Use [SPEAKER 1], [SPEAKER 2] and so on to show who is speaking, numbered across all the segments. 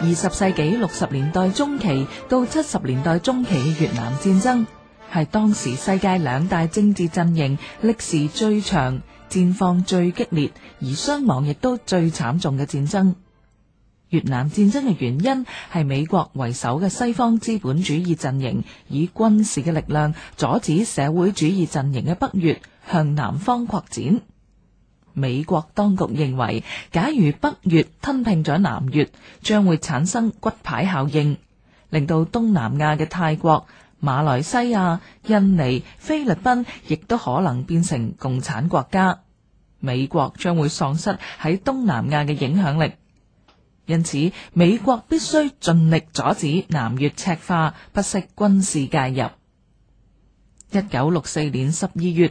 [SPEAKER 1] 二十世紀六十年代中期到七十年代中期嘅越南戰爭，係當時世界兩大政治陣營歷史最長、戰況最激烈、而傷亡亦都最慘重嘅戰爭。越南戰爭嘅原因係美國為首嘅西方資本主義陣營，以軍事嘅力量阻止社會主義陣營嘅北越向南方擴展。美國當局認為，假如北越吞併咗南越，將會產生骨牌效應，令到東南亞嘅泰國、馬來西亞、印尼、菲律賓亦都可能變成共產國家，美國將會喪失喺東南亞嘅影響力。因此，美國必須盡力阻止南越赤化，不惜軍事介入。一九六四年十二月。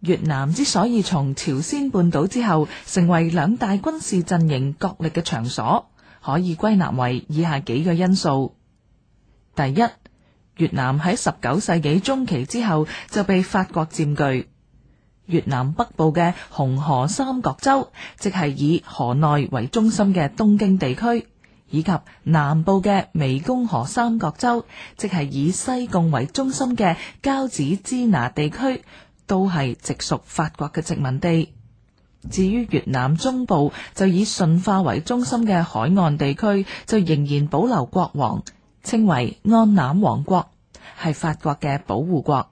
[SPEAKER 1] 越南之所以從朝鮮半島之後成為兩大軍事陣營角力嘅場所，可以歸納為以下幾個因素：第一，越南喺十九世紀中期之後就被法國佔據。越南北部嘅紅河三角洲，即係以河內為中心嘅東京地區，以及南部嘅湄公河三角洲，即係以西貢為中心嘅交趾支那地區。都係直屬法國嘅殖民地。至於越南中部就以順化為中心嘅海岸地區，就仍然保留國王，稱為安南王國，係法國嘅保護國。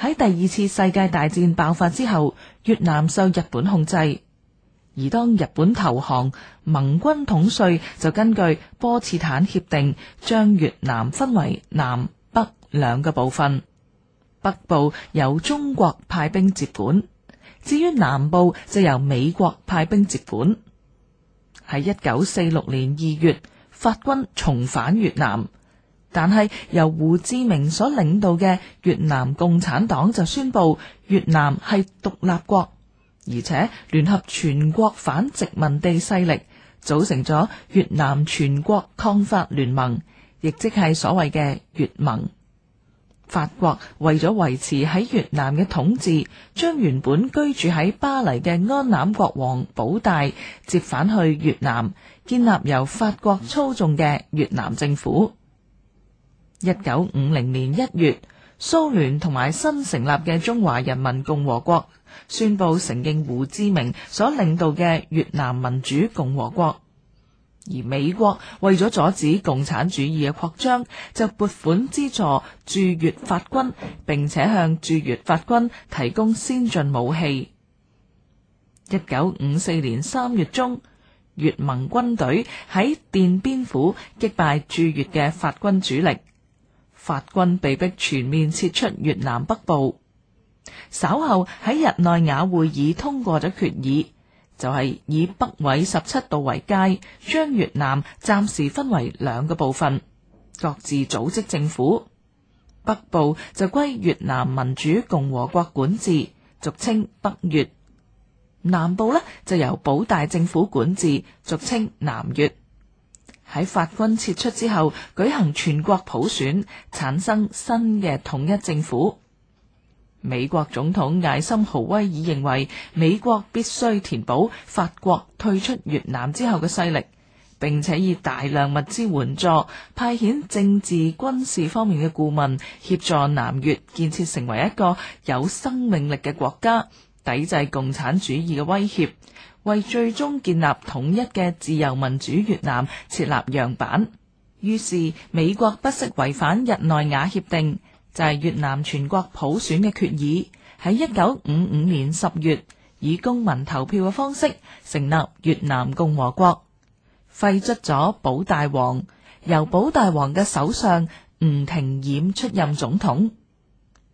[SPEAKER 1] 喺第二次世界大戰爆發之後，越南受日本控制。而當日本投降，盟軍統帥就根據波茨坦協定，將越南分為南北兩個部分。北部由中國派兵接管，至於南部就由美國派兵接管。喺一九四六年二月，法軍重返越南，但係由胡志明所領導嘅越南共產黨就宣布越南係獨立國，而且聯合全國反殖民地勢力，組成咗越南全國抗法聯盟，亦即係所謂嘅越盟。法國為咗維持喺越南嘅統治，將原本居住喺巴黎嘅安南國王保大接返去越南，建立由法國操縱嘅越南政府。一九五零年一月，蘇聯同埋新成立嘅中華人民共和國宣佈承認胡志明所領導嘅越南民主共和國。而美國為咗阻止共產主義嘅擴張，就撥款資助駐越法軍，並且向駐越法軍提供先進武器。一九五四年三月中，越盟軍隊喺奠邊府擊敗駐越嘅法軍主力，法軍被迫全面撤出越南北部。稍後喺日內瓦會議通過咗決議。就係以北緯十七度為界，將越南暫時分為兩個部分，各自組織政府。北部就歸越南民主共和國管治，俗稱北越；南部呢，就由保大政府管治，俗稱南越。喺法軍撤出之後，舉行全國普選，產生新嘅統一政府。美國總統艾森豪威爾認為美國必須填補法國退出越南之後嘅勢力，並且以大量物資援助、派遣政治軍事方面嘅顧問協助南越建設成為一個有生命力嘅國家，抵制共產主義嘅威脅，為最終建立統一嘅自由民主越南設立樣板。於是美國不惜違反日內瓦協定。就係越南全國普選嘅決議，喺一九五五年十月，以公民投票嘅方式成立越南共和國，廢黜咗保大王，由保大王嘅首相吳廷琰出任總統，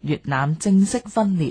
[SPEAKER 1] 越南正式分裂。